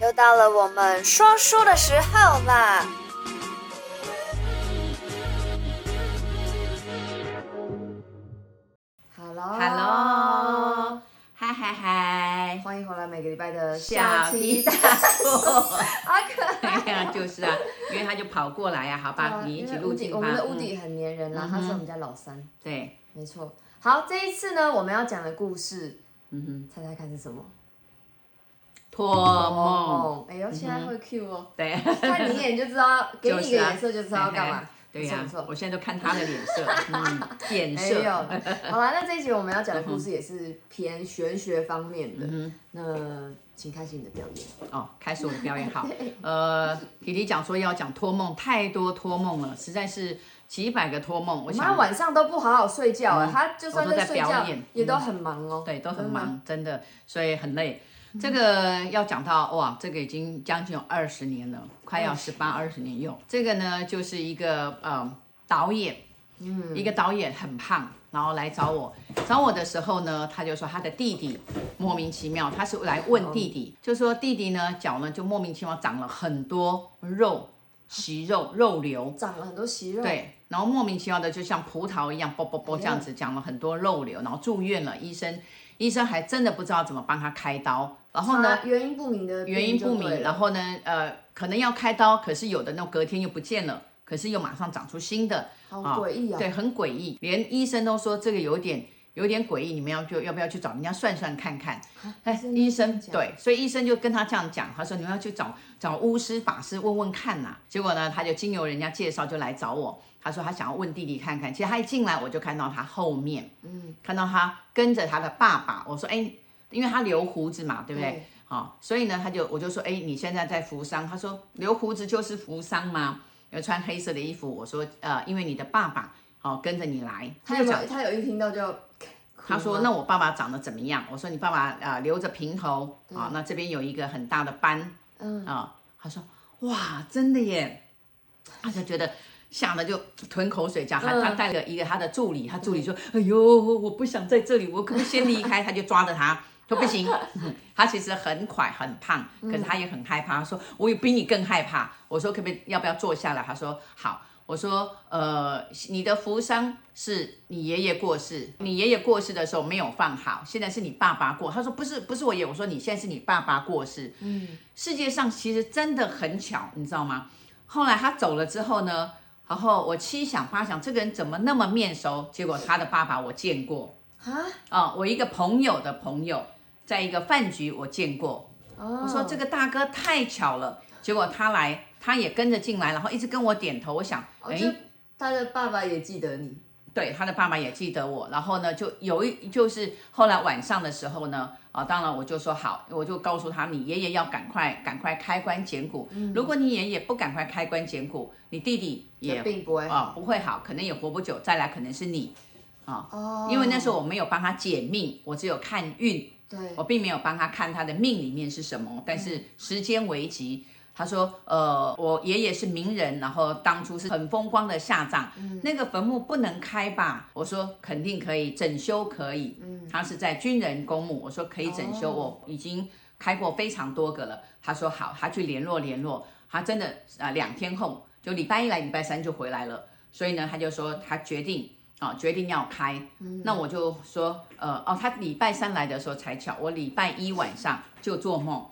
又到了我們說書的時候啦！Hello，Hello，嗨嗨嗨！Hello, Hello. Hi hi hi. 歡迎回來每個禮拜的小皮蛋， 好可愛呀、哦 啊！就是啊，因為他就跑過來呀、啊，好吧？啊、你一起錄這個吧。我們的屋頂很粘人啦、啊，他、嗯、是我們家老三、嗯。對，沒錯。好，這一次呢，我們要講的故事，嗯哼，猜猜看是什麼？托夢、哦哦，哎呦，現在會 cue 哦，看、嗯、你一眼就知道，就是啊、給你一個顏色就知道要幹嘛，嘿嘿對呀、啊，我現在都看他的臉色，臉、 嗯、色，沒、哎、好啦，那這一集我們要講的故事也是偏玄學方面的，嗯，那請開始你的表演哦，開始我的表演好，呃，弟弟講說要講托夢，太多托夢了，實在是幾百個托夢，我想，他晚上都不好好睡覺、欸，他、嗯、就算在表演睡覺、嗯、也都很忙哦，嗯、對，都很忙、嗯，真的，所以很累。這個要講到哇，這個已經將近有二十年了，快要十八二十年用，這個呢，就是一個呃導演、嗯，一個導演很胖，然後來找我，找我的時候呢，他就說他的弟弟莫名其妙，他是來問弟弟，哦、就說弟弟呢腳呢就莫名其妙長了很多肉，息肉肉瘤，長了很多息肉，對，然後莫名其妙的就像葡萄一樣啵啵啵啵，這樣子長、哎、了很多肉瘤，然後住院了，醫生。醫生還真的不知道怎麼幫他開刀，然後呢，原因不明的原因。原因不明，然後呢，呃，可能要開刀，可是有的那隔天又不見了，可是又馬上長出新的，好詭異啊、哦！對，很詭異，連醫生都說這個有點。有點詭異，你們要就要不要去找人家算算看看？哎、啊欸，醫生對，所以醫生就跟他這樣講，他說你們要去找找巫師法師問問看吶、啊。結果呢，他就經由人家介紹就來找我。他說他想要問弟弟看看。其實他一進來我就看到他後面，嗯，看到他跟着他的爸爸。我說哎、欸，因為他留鬍子嘛，對不對？好、哦，所以呢，他就我就說哎、欸，你現在在服喪。他說留鬍子就是服喪嗎？要穿黑色的衣服。我說呃，因為你的爸爸好、哦，跟着你來。他有，有他，就講他有一聽到就。他說：“那我爸爸長得怎麼樣？”我說：“你爸爸啊、呃，留着平頭啊，那這邊有一個很大的斑。”嗯啊，他說：“哇，真的耶！”他就覺得嚇得就吞口水，講，喊。他帶了一個他的助理、嗯，他助理說：“哎呦，我不想在這裡，我可不可以先離開。 ”他就抓着他，說：“不行。 ”他其實很快很胖，可是他也很害怕。他說：“我也比你更害怕。”我說：“可不可以，要不要坐下來？”他說：“好。”我說，呃，你的福生是你爺爺過世，你爺爺過世的時候沒有放好，現在是你爸爸過。他說不是，不是我爺爺。我說你現在是你爸爸過世。嗯。世界上其實真的很巧，你知道嗎？後來他走了之後呢，然後我七想八想，這個人怎麼那麼面熟？結果他的爸爸我見過啊。呃，我一個朋友的朋友，在一個飯局我見過。哦。我說這個大哥太巧了。結果他來，他也跟着進來，然後一直跟我點頭。我想，哎哦、他的爸爸也記得你，對，他的爸爸也記得我。然後呢，就有一就是後來晚上的時候呢，啊、哦，當然我就說好，我就告訴他，你爺爺要趕快趕快開棺撿骨。如果你爺爺不趕快開棺撿骨，你弟弟也啊並不會,、哦、不會好，可能也活不久。再來可能是你，啊、哦哦，因為那時候我沒有幫他解命，我只有看運，對，我並沒有幫他看他的命裡面是什麼，但是時間危急。嗯他說：“呃，我爺爺是名人，然後當初是很風光的下葬、嗯，那個墳墓不能開吧？”我說：“肯定可以整修，可以。嗯”他是在軍人公墓，我說可以整修，哦、我已經開過非常多個了。他說：“好，他去聯絡聯絡。”他真的啊、呃，兩天後就禮拜一來，禮拜三就回來了。所以呢，他就說他決定啊、呃，決定要開。嗯、那我就說呃哦，他禮拜三來的時候才巧，我禮拜一晚上就做夢。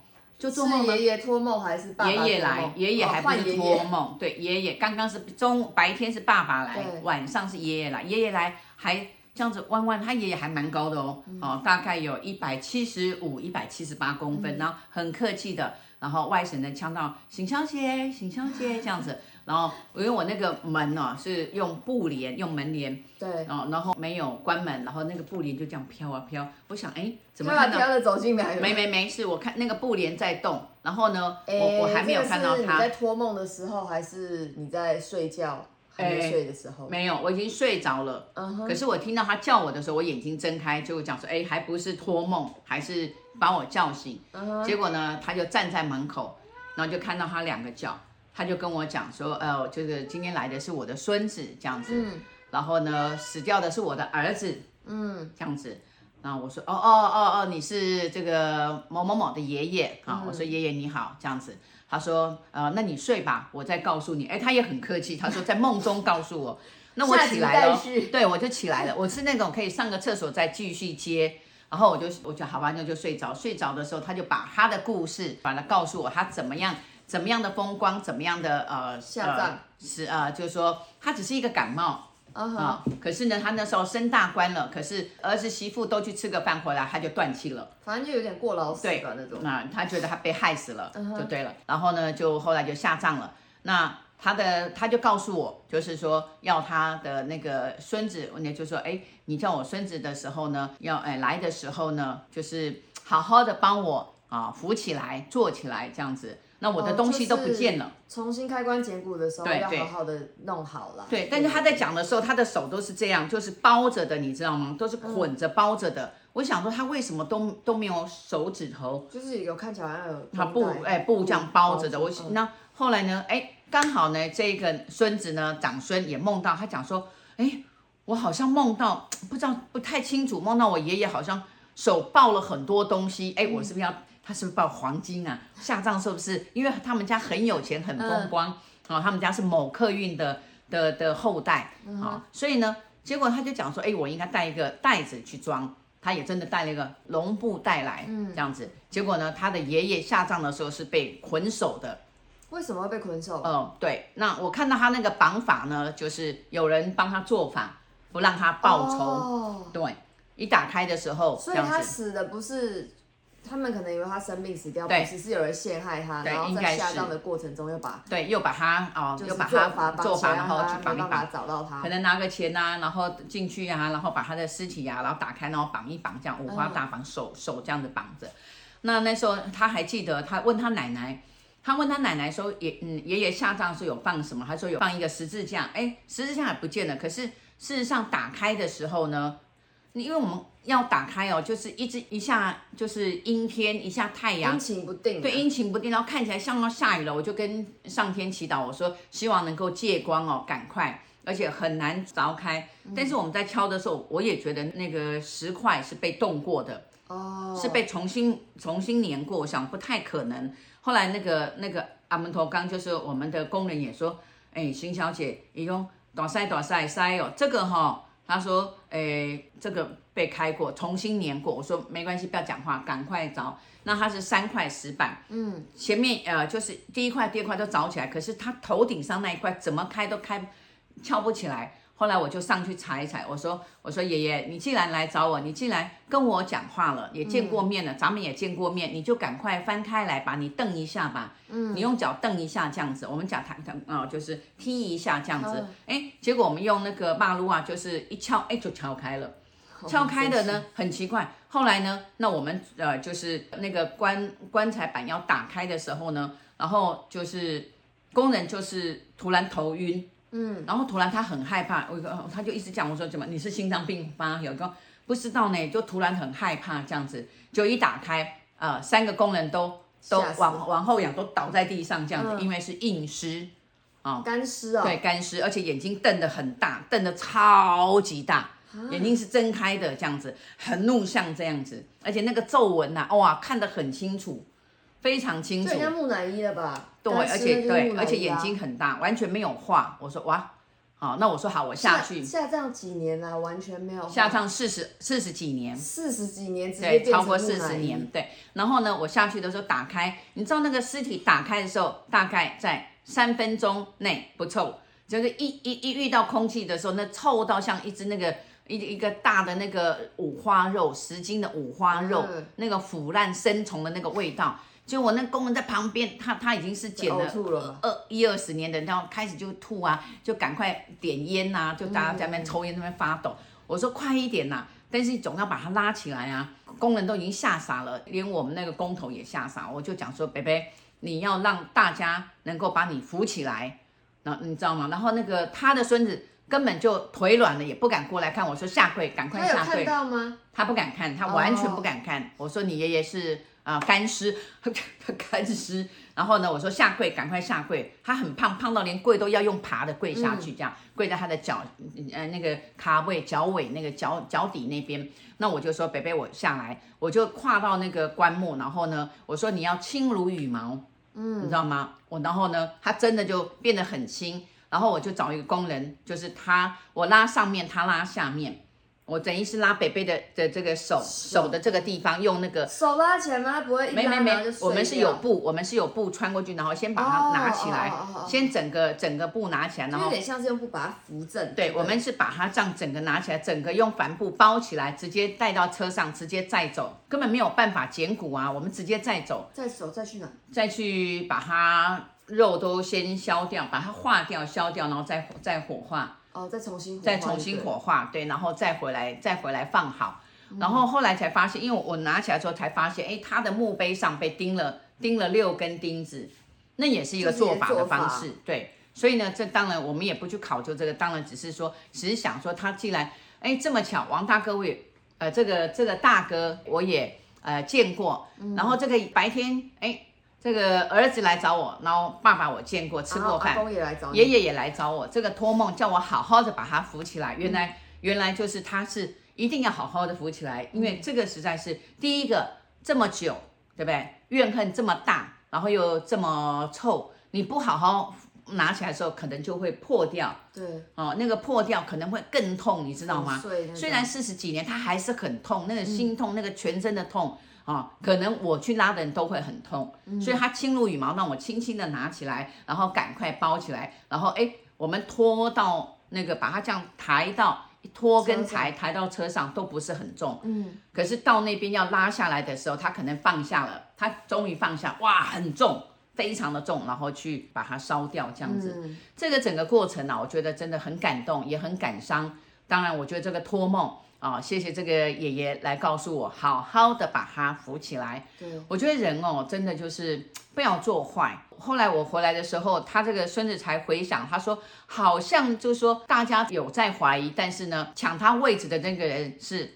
就做夢，爺爺託夢還是爸爸？爺爺來，爺爺還不是託夢、哦。對，爺爺剛剛是中白天是爸爸來，晚上是爺爺來。爺爺來還這樣子彎彎，他爺爺還蠻高的哦、嗯，哦，大概有一百七十五、一百七十八公分、嗯，然後很客氣的。然後外省的腔調，行小姐，行小姐這樣子。然後因為我那個門哦、啊、是用布簾，用門簾，對，然後然後沒有關門，然後那個布簾就這樣飄啊飄。我想，哎，怎麼看到、啊？飄著飄著走進來？沒沒沒事，我看那個布簾在動。然後呢，我我還沒有看到他。現在是你在托夢的時候，還是你在睡覺？還沒睡的時候，欸，沒有，我已經睡着了。Uh -huh. 可是我聽到他叫我的時候，我眼睛睜開，就講說，哎，欸，還不是托夢，還是把我叫醒。Uh -huh. 結果呢，他就站在門口，然後就看到他兩個腳，他就跟我講說，呃，就是今天來的是我的孫子這樣子。Uh -huh. 然後呢，死掉的是我的兒子。嗯、uh -huh.。這樣子。然後我說，哦哦哦哦，你是這個某某某的爺爺啊？我說爺爺，uh -huh. 你好，這樣子。他說：呃，那你睡吧，我再告訴你。哎，他也很客氣。他說在夢中告訴我， 那我起來了，哦，對，我就起來了。我是那種可以上個廁所再繼續接。然後我就，我好玩就好吧，那就睡着。睡着的時候，他就把他的故事，把他告訴我，他怎麼樣，怎麼樣的風光，怎麼樣的呃，下葬呃是呃，就是說他只是一個感冒。Uh -huh. 啊！可是呢，他那時候升大官了，可是兒子媳婦都去吃個飯回來，他就斷氣了。反正就有點過勞死的那種。那、啊、他覺得他被害死了，uh -huh. 就對了。然後呢，就後來就下葬了。那他的他就告訴我，就是說要他的那個孫子，我呢就說，哎，你叫我孫子的時候呢，要哎來的時候呢，就是好好的幫我啊扶起來、坐起來這樣子。那我的東西都不見了。哦就是、重新開棺撿骨的時候，對要好好的弄好了。對，但是他在講的時候，他的手都是這樣，就是包着的，你知道嗎？都是捆着、包着的。嗯、我想說，他為什麼都都沒有手指頭？就是有看起來有他布哎、欸、布這樣包着的。我、哦、那後來呢？哎、欸，剛好呢，這個孫子呢，長孫也夢到，他講說，哎、欸，我好像夢到，不知道不太清楚，夢到我爺爺好像手抱了很多東西。哎、欸，我是不是要？嗯他是不是抱黃金啊？下葬是不是，因為他們家很有錢，很風光、嗯。哦，他們家是某客運的的的後代。哦、嗯，所以呢，結果他就講說，哎、欸，我應該帶一個袋子去裝。他也真的帶了一個絨布袋來、嗯，這樣子。結果呢，他的爺爺下葬的時候是被捆手的。為什麼會被捆手？嗯、哦，對。那我看到他那個綁法呢，就是有人幫他做法，不讓他報仇、哦。對，一打開的時候，所以他死的不是。他們可能以為他生病死掉，其實是有人陷害他對，然後，在下葬的過程中又把對又把他哦，又把他，哦就是，做法，啊，然後去綁一綁找到他，可能拿個錢吶，啊，然後進去啊，然後把他的屍體啊，然後打開，然後綁一綁，這樣五花大綁手，嗯、手這樣子綁着。那那時候他還記得，他問他奶奶，他問他奶奶說，爺嗯爺爺下葬的時候有放什麼？他說有放一個十字架，哎，十字架也不見了。可是事實上打開的時候呢？因為我們要打開哦，就是一直一下就是陰天一下太陽，陰晴不定、啊，對，陰晴不定，然後看起來像要下雨了，我就跟上天祈禱，我說希望能夠借光哦，趕快，而且很難鑿開。但是我們在敲的時候，嗯、我也覺得那個石塊是被動過的哦，是被重新重新粘過，我想不太可能。後來那個那個阿門頭剛就是我們的工人也說，哎，邢小姐，你用打塞打塞塞哦，這個哈、哦。他說：“誒、欸，這個被開過，重新粘過。”我說：“沒關係，不要講話，趕快鑿。”那它是三塊石板，嗯，前面呃就是第一塊、第二塊都鑿起來，可是它頭頂上那一塊怎麼開都開，翹不起來。後來我就上去踩一踩，我說我說爺爺，你既然來找我，你既然跟我講話了，也見過面了，嗯，咱們也見過面，你就趕快翻開來吧，你蹬一下吧，嗯，你用腳蹬一下這樣子，我們腳踏踏啊就是踢一下這樣子，哎，結果我們用那個馬路啊，就是一敲，哎就敲開了，敲開的呢很奇怪，後來呢，那我們呃就是那個棺棺材板要打開的時候呢，然後就是工人就是突然頭暈。嗯，然後突然他很害怕，我、哦、他就一直講，我說怎麼你是心臟病發，有個不知道呢，就突然很害怕這樣子，就一打開，呃，三個工人都都往往後仰，都倒在地上這樣子，嗯，因為是硬屍，啊、呃，乾屍啊，哦，對，乾屍，而且眼睛瞪得很大，瞪得超級大，啊、眼睛是睜開的這樣子，很怒像這樣子，而且那個皺紋吶，啊，哇，看得很清楚，非常清楚，這應該木乃伊了吧？對，而且對，而且眼睛很大，啊，完全沒有化。我說哇，好，那我說好，我下去下。下葬幾年啊？完全沒有。下葬四十四十幾年，四十幾年，對，直接乳乳超過四十年。對，然後呢，我下去的時候打開，你知道那個屍體打開的時候，大概在三分鐘內不臭，就是一一一遇到空氣的時候，那臭到像一只那個一一個大的那個五花肉，十斤的五花肉，嗯，那個腐爛生蟲的那個味道。嗯就我那工人在旁邊，他他已經是撿了二一二十年的，然後開始就吐啊，就趕快點煙吶、啊，就大家在那邊抽煙，那邊發抖。我說快一點吶、啊，但是總要把他拉起來啊。工人都已經嚇傻了，連我們那個工頭也嚇傻。我就講說，伯伯，你要讓大家能夠把你扶起來，那你知道嗎？然後那個他的孫子根本就腿軟了，也不敢過來看。我說下跪，趕快下跪。看到嗎？他不敢看，他完全不敢看。Oh. 我說你爺爺是。啊，乾屍，乾屍。然後呢，我說下跪，趕快下跪。他很胖，胖到連跪都要用爬的跪下去，這樣、嗯、跪在他的腳，呃，那個卡位、腳尾那個腳腳底那邊。那我就說北北，我下來，我就跨到那個棺木。然後呢，我說你要輕如羽毛，嗯，你知道嗎？我，然後呢，他真的就變得很輕。然後我就找一個工人，就是他，我拉上面，他拉下面。我等於是拉北北的的這個手手的這個地方，用那個手拉起來嗎？不會，沒沒沒，我們是有布，我們是有布穿過去，然後先把它拿起來，oh, oh, oh, oh, oh. 先整個整個布拿起來，然後就有點像是用布把它扶正對對。對，我們是把它這樣整個拿起來，整個用帆布包起來，直接帶到車上，直接載走，根本沒有辦法撿骨啊。我們直接載走，載走再去哪？再去把它肉都先削掉，把它化掉、削掉，然後再再火化。哦，再重新再重新火化，對，對，然後再回來再回來放好，嗯，然後後來才發現，因為我，我拿起來之後才發現，哎，他的墓碑上被釘了釘了六根釘子，那也是一個做法的方式，對，所以呢，這當然我們也不去考究這個，當然只是說，只是想說他既然哎這麼巧，王大哥我也，呃，這個這個大哥我也呃見過，嗯，然後這個白天哎。這個兒子來找我，然後爸爸我見過，吃過飯，爺爺也來找我。這個托夢叫我好好的把他扶起來。嗯、原來原來就是他是一定要好好的扶起來，因為這個實在是、嗯、第一個這麼久，對不對？怨恨這麼大、嗯，然後又這麼臭，你不好好拿起來的時候，可能就會破掉。對，哦，那個破掉可能會更痛，你知道嗎？那個、雖然四十幾年他還是很痛，那個心痛，嗯、那個全身的痛。啊、哦，可能我去拉的人都會很痛，嗯、所以他輕如羽毛，讓我輕輕的拿起來，然後趕快包起來，然後哎，我們拖到那個，把它這樣抬到一拖跟抬超超抬到車上都不是很重，嗯，可是到那邊要拉下來的時候，他可能放下了，他終於放下，哇，很重，非常的重，然後去把它燒掉，這樣子，嗯、這個整個過程呢、啊，我覺得真的很感動，也很感傷。當然，我覺得這個托夢。啊、哦，謝謝這個爺爺來告訴我，好好的把他扶起來。對，我覺得人哦，真的就是不要做壞。後來我回來的時候，他這個孫子才回想，他說好像就是說大家有在懷疑，但是呢，搶他位置的那個人是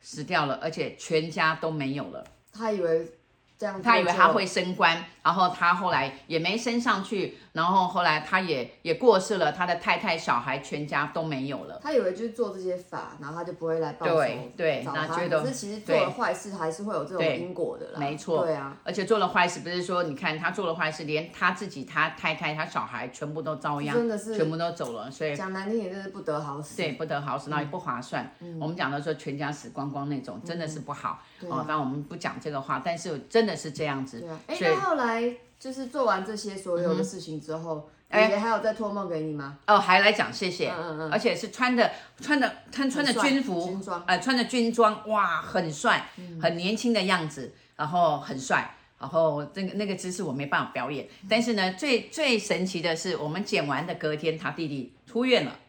死掉了，而且全家都沒有了。他以為。這樣他以為他會升官、嗯，然後他後來也沒升上去，然後後來他也也過世了，他的太太、小孩全家都沒有了。他以為就是做這些法，然後他就不會來報仇。對，對，那覺得可是其實做了壞事還是會有這種因果的啦。沒錯，對啊，而且做了壞事，不是說、嗯、你看他做了壞事，連他自己、他太太、他小孩全部都遭殃，真的是全部都走了。所以講難聽點，就是不得好死。對，不得好死，那也不划算、嗯嗯。我們講到說全家死光光那種，真的是不好，嗯嗯、哦、啊。反正我們不講這個話，但是真的。真的是這樣子，哎、啊，那後來就是做完這些所有的事情之後，嗯、你也還有再托夢給你嗎？哦，還來講謝謝、嗯嗯，而且是穿着穿着穿穿着軍服，哎、呃，穿着軍裝，哇，很帥，很年輕的樣子，嗯、然後很帥，然後那、這個那個姿勢我沒辦法表演，但是呢，最最神奇的是，我們撿完的隔天他弟弟出院了。嗯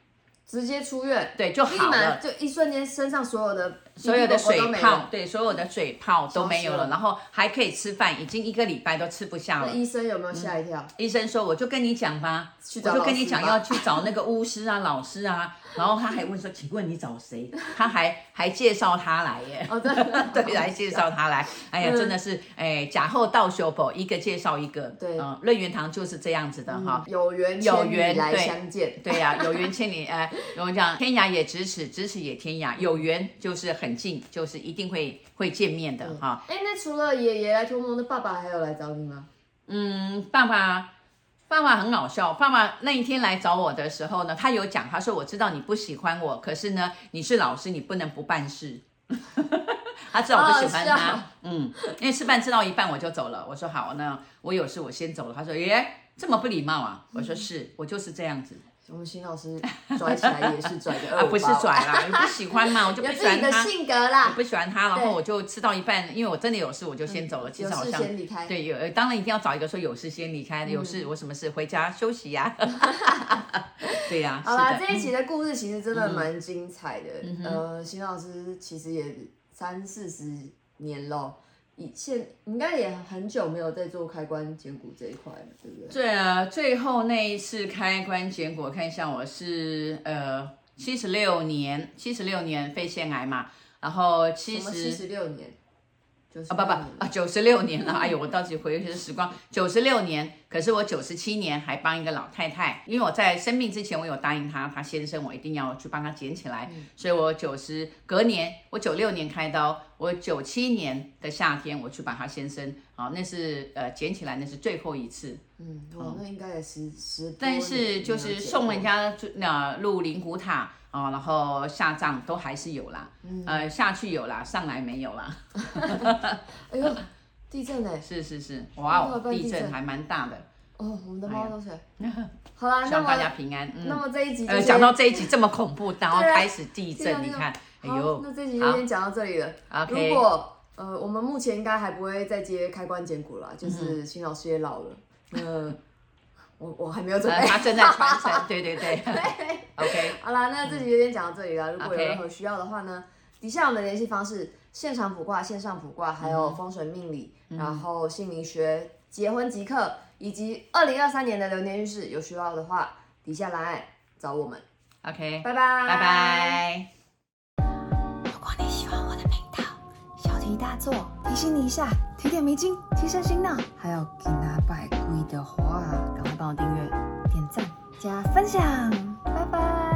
直接出院，對，就好了，就一瞬間身上所有的所有的水泡，的水泡，對，所有的水泡都沒有了，了，然後還可以吃飯，已經一個禮拜都吃不下了。那醫生有沒有嚇一跳？嗯，醫生說，我就跟你講吧，我找吧，就跟你講，要去找那個巫師啊， 老師啊。然後他還問說：“請問你找誰？”他還還介紹他來耶，哦、真的。 對，來介紹他來。哎呀，真的是，哎，嗯、假後到修否一個介紹一個。嗯、對，嗯，任元堂就是這樣子的哈、嗯。有緣有緣來相見，對呀、啊，有緣千里，哎、 呃，我們講天涯也咫尺，咫尺也天涯。有緣就是很近，就是一定會會見面的哈。哎、嗯哦，那除了爺爺來託夢，那爸爸，還有來找你嗎？嗯，爸爸。爸爸很搞笑。爸爸那一天來找我的時候呢，他有講，他說：“我知道你不喜歡我，可是呢，你是老師，你不能不辦事。 ”他知道我不喜歡他、哦啊，嗯，因為吃飯吃到一半我就走了。我說好：“好，那，我有事，我先走了。”他說：“耶，這麼不禮貌啊！”我說：“是，我就是這樣子。嗯”我們邢老師拽起來也是拽的， 啊，不是拽啦，我不喜歡嘛，我就不喜歡他， 的性格啦，我不喜歡他，然後我就吃到一半，因為我真的有事，我就先走了。嗯、其實好像。對，有，當然一定要找一個說有事先離開、嗯、有事，我什麼事，回家休息呀、啊。 對呀、好啦，啊，這一期的故事其實真的蠻精彩的，嗯嗯、呃，邢老師其實也三四十年嘍。以前應該也很久沒有在做開棺撿骨這一塊了，對不對？對啊，最後那一次開棺撿骨，看一下我是呃七十六年，七十六年肺腺癌嘛，然後七十，七十六年。啊不不啊九十六年了，哎呦我到底回不去、就是、時光九十六年，可是我九十七年還幫一個老太太，因為我在生病之前我有答應她，她先生我一定要去幫她撿起來，嗯、所以我九十隔年我九六年開刀，我九七年的夏天我去幫她先生，好那是呃撿起來那是最後一次，好嗯哦那應該也是十，但是就是送人家那、啊、入靈骨塔。哦，然後下葬都還是有啦，嗯、呃下去有啦，上來沒有啦。哈哈哈！哎呦，地震嘞，欸！是是是，哇、哦地，地震還蠻大的。哦，我們的貓都是、哎、好啦，希望 大家平安。嗯、那麼這一集這，呃，講到這一集這麼恐怖，然後開始地震， 啊、你看，哎呦，那這一集先講到這裡了。Okay，如果呃，我們目前應該還不會再接開棺撿骨了，就是新老師也老了。嗯。呃 我我還沒有準備、嗯，他正在傳承。 對對對, 對，OK，好啦，那這集就先講到這裡了、嗯。如果有任何需要的話呢，okay, 底下我們的聯繫方式，現場卜卦、線上卜卦，還有風水命理，嗯、然後姓名學、結婚吉課，以及二零二三年的流年運勢，有需要的話，底下來找我們。OK，拜拜，拜拜。如果你喜歡我的頻道，小題大做，提醒你一下，提點迷津。提神醒腦，還有其他百句的話，趕快幫我訂閱、點讚、加分享，拜拜。